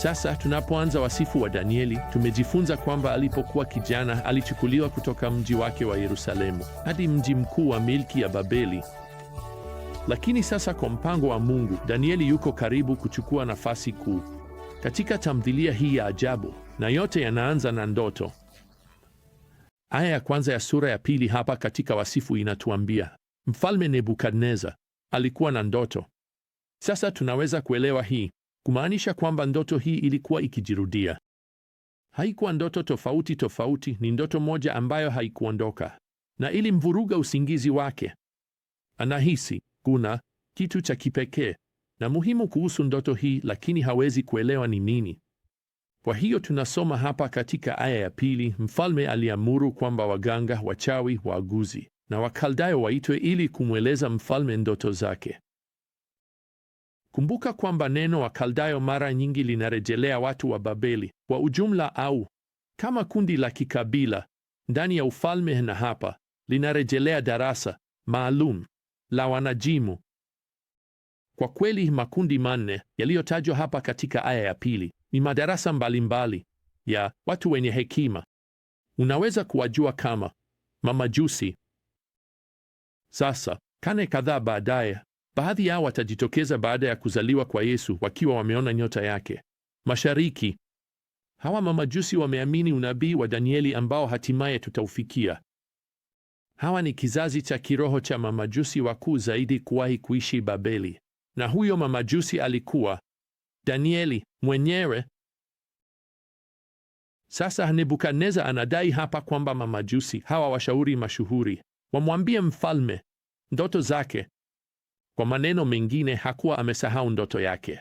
Sasa tunapoanza wasifu wa Danieli, tumejifunza kwamba alipokuwa kijana alichukuliwa kutoka mji wake wa Yerusalemu hadi mji mkuu wa milki ya Babeli. Lakini sasa kwa mpango wa Mungu, Danieli yuko karibu kuchukua nafasi kuu katika tamthilia hii ya ajabu, na yote yanaanza na ndoto. Aya ya kwanza ya sura ya pili hapa katika wasifu inatuambia Mfalme Nebukadneza alikuwa na ndoto. Sasa tunaweza kuelewa hii kumaanisha kwamba ndoto hii ilikuwa ikijirudia. Haikuwa ndoto tofauti tofauti, ni ndoto moja ambayo haikuondoka na ilimvuruga usingizi wake. Anahisi kuna kitu cha kipekee na muhimu kuhusu ndoto hii, lakini hawezi kuelewa ni nini. Kwa hiyo tunasoma hapa katika aya ya pili, mfalme aliamuru kwamba waganga, wachawi, waaguzi na Wakaldayo waitwe ili kumweleza mfalme ndoto zake. Kumbuka kwamba neno Wakaldayo mara nyingi linarejelea watu wa Babeli kwa ujumla au kama kundi la kikabila ndani ya ufalme, na hapa linarejelea darasa maalum la wanajimu. Kwa kweli makundi manne yaliyotajwa hapa katika aya ya pili ni madarasa mbalimbali ya watu wenye hekima. Unaweza kuwajua kama mamajusi. Sasa kane kadhaa baadaye Baadhi yao watajitokeza baada ya kuzaliwa kwa Yesu wakiwa wameona nyota yake mashariki. Hawa mamajusi wameamini unabii wa Danieli ambao hatimaye tutaufikia. Hawa ni kizazi cha kiroho cha mamajusi wakuu zaidi kuwahi kuishi Babeli, na huyo mamajusi alikuwa Danieli mwenyewe. Sasa Nebukadneza anadai hapa kwamba mamajusi hawa washauri mashuhuri wamwambie mfalme ndoto zake kwa maneno mengine, hakuwa amesahau ndoto yake,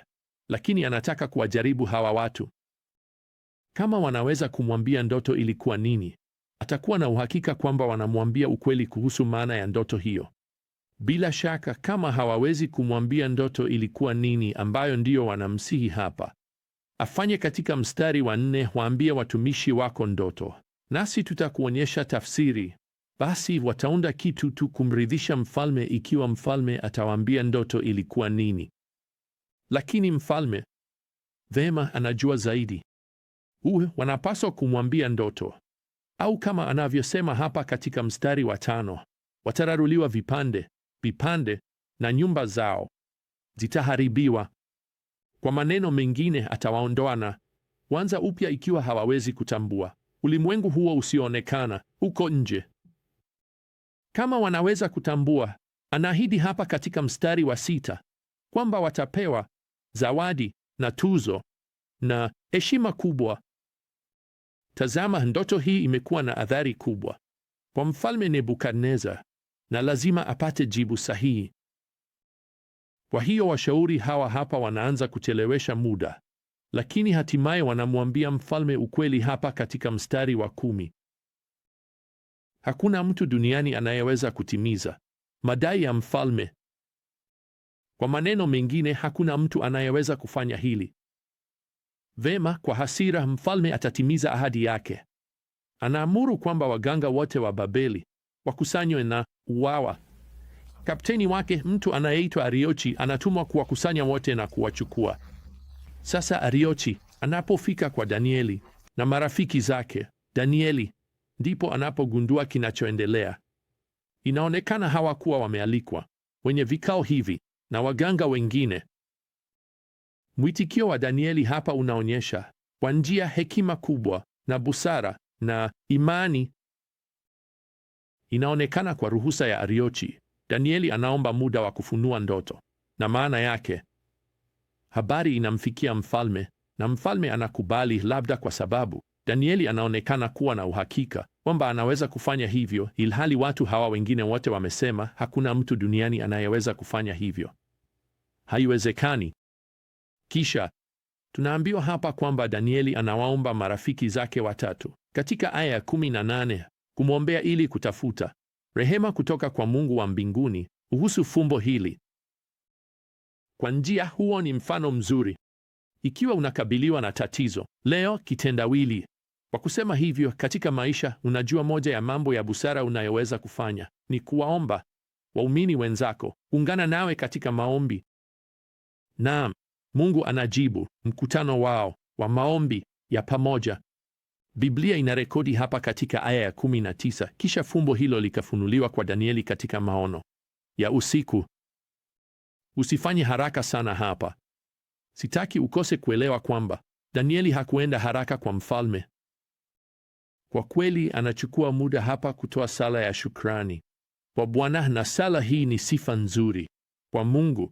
lakini anataka kuwajaribu hawa watu. Kama wanaweza kumwambia ndoto ilikuwa nini, atakuwa na uhakika kwamba wanamwambia ukweli kuhusu maana ya ndoto hiyo. Bila shaka, kama hawawezi kumwambia ndoto ilikuwa nini, ambayo ndiyo wanamsihi hapa afanye katika mstari wa nne, waambie watumishi wako ndoto, nasi tutakuonyesha tafsiri. Basi wataunda kitu tu kumridhisha mfalme ikiwa mfalme atawaambia ndoto ilikuwa nini. Lakini mfalme vema anajua zaidi. Uwe wanapaswa kumwambia ndoto, au kama anavyosema hapa katika mstari wa tano, watararuliwa vipande vipande na nyumba zao zitaharibiwa. Kwa maneno mengine, atawaondoa na kuanza upya ikiwa hawawezi kutambua ulimwengu huo usioonekana uko nje kama wanaweza kutambua. Anaahidi hapa katika mstari wa sita kwamba watapewa zawadi na tuzo na heshima kubwa. Tazama, ndoto hii imekuwa na athari kubwa kwa mfalme Nebukadnezar na lazima apate jibu sahihi. Kwa hiyo washauri hawa hapa wanaanza kuchelewesha muda, lakini hatimaye wanamwambia mfalme ukweli hapa katika mstari wa kumi. Hakuna mtu duniani anayeweza kutimiza madai ya mfalme. Kwa maneno mengine, hakuna mtu anayeweza kufanya hili. Vema, kwa hasira mfalme atatimiza ahadi yake. Anaamuru kwamba waganga wote wa Babeli wakusanywe na uwawa. Kapteni wake mtu anayeitwa Ariochi anatumwa kuwakusanya wote na kuwachukua. Sasa Ariochi anapofika kwa Danieli na marafiki zake, Danieli ndipo anapogundua kinachoendelea. Inaonekana hawakuwa wamealikwa wenye vikao hivi na waganga wengine. Mwitikio wa Danieli hapa unaonyesha kwa njia hekima kubwa na busara na imani. Inaonekana kwa ruhusa ya Ariochi, Danieli anaomba muda wa kufunua ndoto na maana yake. Habari inamfikia mfalme na mfalme anakubali, labda kwa sababu Danieli anaonekana kuwa na uhakika kwamba anaweza kufanya hivyo, ilhali watu hawa wengine wote wamesema hakuna mtu duniani anayeweza kufanya hivyo, haiwezekani. Kisha tunaambiwa hapa kwamba Danieli anawaomba marafiki zake watatu katika aya ya 18 kumwombea ili kutafuta rehema kutoka kwa Mungu wa mbinguni kuhusu fumbo hili. Kwa njia, huo ni mfano mzuri. Ikiwa unakabiliwa na tatizo leo, kitendawili kwa kusema hivyo, katika maisha, unajua, moja ya mambo ya busara unayoweza kufanya ni kuwaomba waumini wenzako kuungana nawe katika maombi. Naam, Mungu anajibu mkutano wao wa maombi ya pamoja. Biblia inarekodi hapa katika aya ya 19, kisha fumbo hilo likafunuliwa kwa Danieli katika maono ya usiku. Usifanye haraka sana hapa. Sitaki ukose kuelewa kwamba Danieli hakuenda haraka kwa mfalme kwa kweli anachukua muda hapa kutoa sala ya shukrani kwa Bwana, na sala hii ni sifa nzuri kwa Mungu.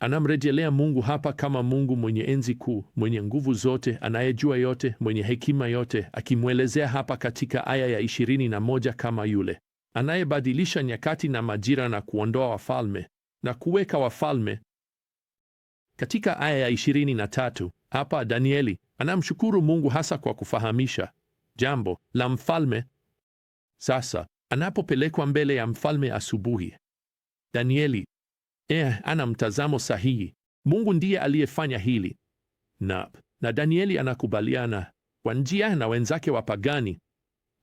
Anamrejelea Mungu hapa kama Mungu mwenye enzi kuu, mwenye nguvu zote, anayejua yote, mwenye hekima yote, akimwelezea hapa katika aya ya 21 kama yule anayebadilisha nyakati na majira na kuondoa wafalme na kuweka wafalme. Katika aya ya 23 hapa Danieli anamshukuru Mungu hasa kwa kufahamisha jambo la mfalme. Sasa anapopelekwa mbele ya mfalme asubuhi, Danieli eh, ana mtazamo sahihi. Mungu ndiye aliyefanya hili na na Danieli anakubaliana kwa njia na wenzake wapagani.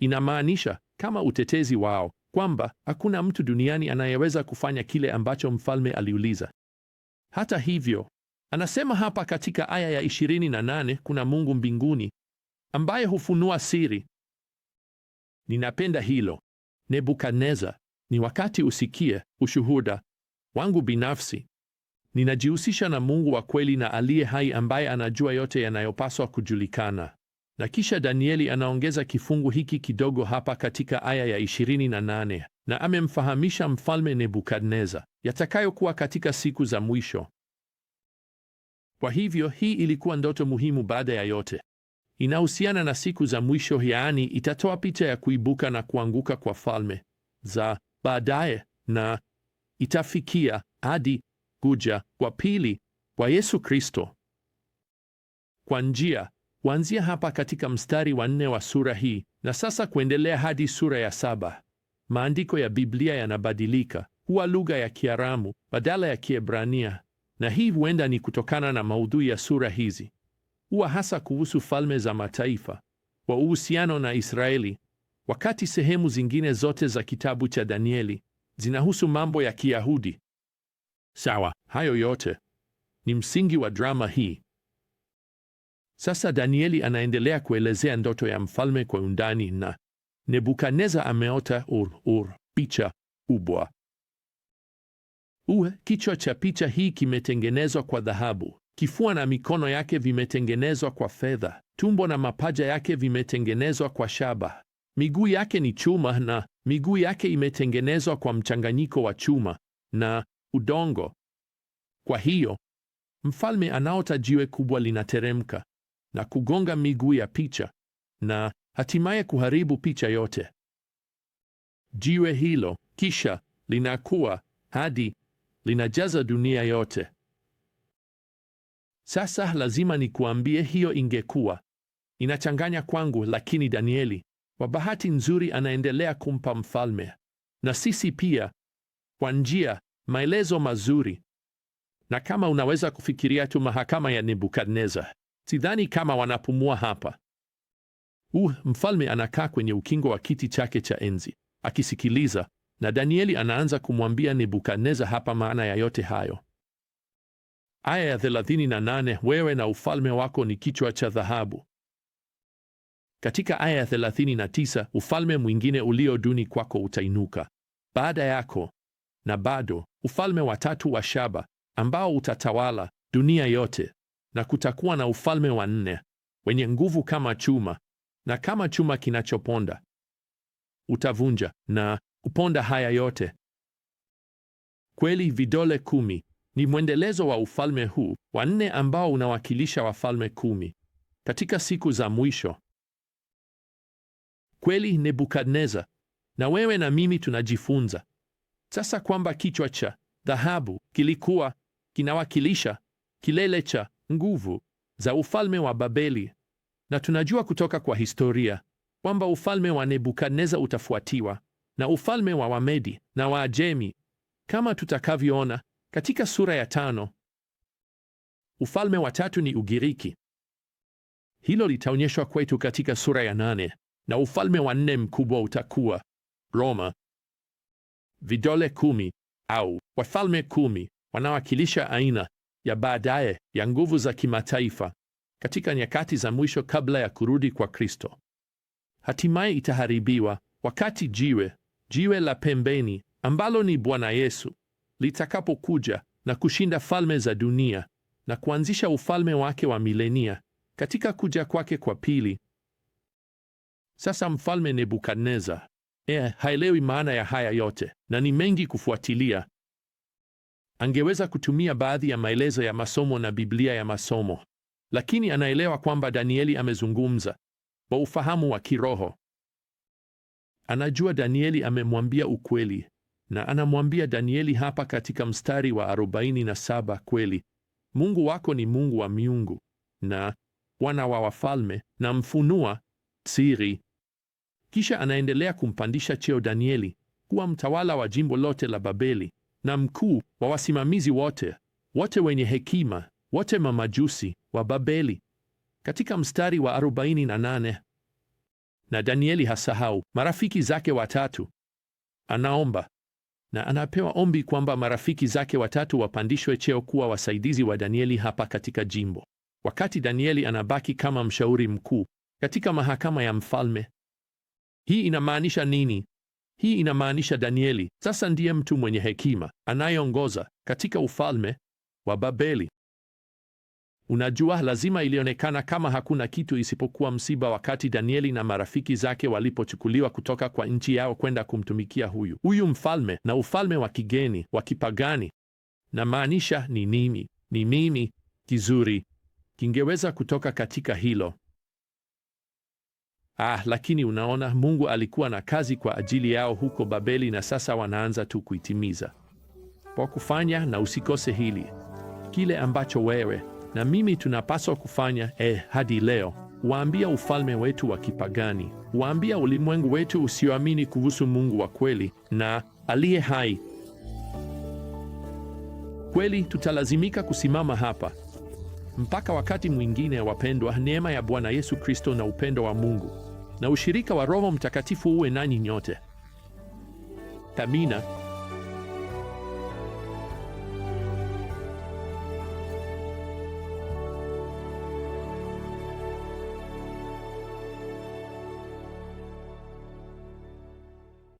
Inamaanisha kama utetezi wao kwamba hakuna mtu duniani anayeweza kufanya kile ambacho mfalme aliuliza. Hata hivyo, anasema hapa katika aya ya 28 kuna Mungu mbinguni ambaye hufunua siri. Ninapenda hilo. Nebukadneza, ni wakati usikie ushuhuda wangu binafsi. Ninajihusisha na Mungu wa kweli na aliye hai ambaye anajua yote yanayopaswa kujulikana. Na kisha Danieli anaongeza kifungu hiki kidogo hapa katika aya ya 28, na amemfahamisha mfalme Nebukadneza yatakayokuwa katika siku za mwisho. Kwa hivyo hii ilikuwa ndoto muhimu baada ya yote inahusiana na siku za mwisho, yaani itatoa picha ya kuibuka na kuanguka kwa falme za baadaye na itafikia hadi kuja kwa pili kwa Yesu Kristo. Kwa njia kuanzia hapa katika mstari wa nne wa sura hii na sasa kuendelea hadi sura ya saba, maandiko ya Biblia yanabadilika huwa lugha ya Kiaramu badala ya Kiebrania, na hii huenda ni kutokana na maudhui ya sura hizi huwa hasa kuhusu falme za mataifa wa uhusiano na Israeli, wakati sehemu zingine zote za kitabu cha Danieli zinahusu mambo ya Kiyahudi. Sawa, hayo yote ni msingi wa drama hii. Sasa Danieli anaendelea kuelezea ndoto ya mfalme kwa undani, na Nebukadneza ameota ur ur picha kubwa. Uwe kichwa cha picha hii kimetengenezwa kwa dhahabu Kifua na mikono yake vimetengenezwa kwa fedha, tumbo na mapaja yake vimetengenezwa kwa shaba, miguu yake ni chuma, na miguu yake imetengenezwa kwa mchanganyiko wa chuma na udongo. Kwa hiyo mfalme anaota jiwe kubwa linateremka na kugonga miguu ya picha na hatimaye kuharibu picha yote. Jiwe hilo kisha linakuwa hadi linajaza dunia yote. Sasa lazima nikuambie, hiyo ingekuwa inachanganya kwangu, lakini Danieli kwa bahati nzuri anaendelea kumpa mfalme na sisi pia kwa njia maelezo mazuri, na kama unaweza kufikiria tu mahakama ya Nebukadneza, sidhani kama wanapumua hapa. Uh, mfalme anakaa kwenye ukingo wa kiti chake cha enzi akisikiliza, na Danieli anaanza kumwambia Nebukadneza hapa maana ya yote hayo. Aya ya 38, wewe na ufalme wako ni kichwa cha dhahabu. Katika aya ya 39, ufalme mwingine ulio duni kwako utainuka baada yako, na bado ufalme wa tatu wa shaba ambao utatawala dunia yote, na kutakuwa na ufalme wa nne wenye nguvu kama chuma na kama chuma kinachoponda utavunja na uponda haya yote. Kweli vidole kumi ni mwendelezo wa ufalme huu wa nne ambao unawakilisha wafalme kumi katika siku za mwisho. Kweli Nebukadneza na wewe na mimi tunajifunza sasa kwamba kichwa cha dhahabu kilikuwa kinawakilisha kilele cha nguvu za ufalme wa Babeli, na tunajua kutoka kwa historia kwamba ufalme wa Nebukadneza utafuatiwa na ufalme wa Wamedi na Waajemi kama tutakavyoona katika sura ya tano, ufalme wa tatu ni Ugiriki. Hilo litaonyeshwa kwetu katika sura ya nane, na ufalme wa nne mkubwa utakuwa Roma. Vidole kumi au wafalme kumi wanawakilisha aina ya baadaye ya nguvu za kimataifa katika nyakati za mwisho kabla ya kurudi kwa Kristo. Hatimaye itaharibiwa wakati jiwe jiwe la pembeni ambalo ni Bwana Yesu litakapokuja na kushinda falme za dunia na kuanzisha ufalme wake wa milenia katika kuja kwake kwa pili. Sasa mfalme Nebukadneza e, eh, haelewi maana ya haya yote na ni mengi kufuatilia. Angeweza kutumia baadhi ya maelezo ya masomo na Biblia ya masomo, lakini anaelewa kwamba Danieli amezungumza kwa ufahamu wa kiroho. Anajua Danieli amemwambia ukweli na anamwambia Danieli hapa katika mstari wa 47, kweli Mungu wako ni Mungu wa miungu na wana wa wafalme na mfunua siri. Kisha anaendelea kumpandisha cheo Danieli kuwa mtawala wa jimbo lote la Babeli na mkuu wa wasimamizi wote wote wenye hekima wote mamajusi wa Babeli, katika mstari wa 48. Na Danieli hasahau marafiki zake watatu. Anaomba na anapewa ombi kwamba marafiki zake watatu wapandishwe cheo kuwa wasaidizi wa Danieli hapa katika jimbo, wakati Danieli anabaki kama mshauri mkuu katika mahakama ya mfalme. Hii inamaanisha nini? Hii inamaanisha Danieli sasa ndiye mtu mwenye hekima anayeongoza katika ufalme wa Babeli. Unajua, lazima ilionekana kama hakuna kitu isipokuwa msiba, wakati Danieli na marafiki zake walipochukuliwa kutoka kwa nchi yao kwenda kumtumikia huyu huyu mfalme na ufalme wa kigeni wa kipagani. Na maanisha ni nini? Ni mimi kizuri kingeweza kutoka katika hilo? Ah, lakini unaona, Mungu alikuwa na kazi kwa ajili yao huko Babeli, na sasa wanaanza tu kuitimiza kwa kufanya. Na usikose hili, kile ambacho wewe na mimi tunapaswa kufanya eh, hadi leo waambia ufalme wetu wa kipagani, waambia ulimwengu wetu usioamini kuhusu Mungu wa kweli na aliye hai. Kweli tutalazimika kusimama hapa mpaka wakati mwingine. Wapendwa, neema ya Bwana Yesu Kristo na upendo wa Mungu na ushirika wa Roho Mtakatifu uwe nanyi nyote. Amina.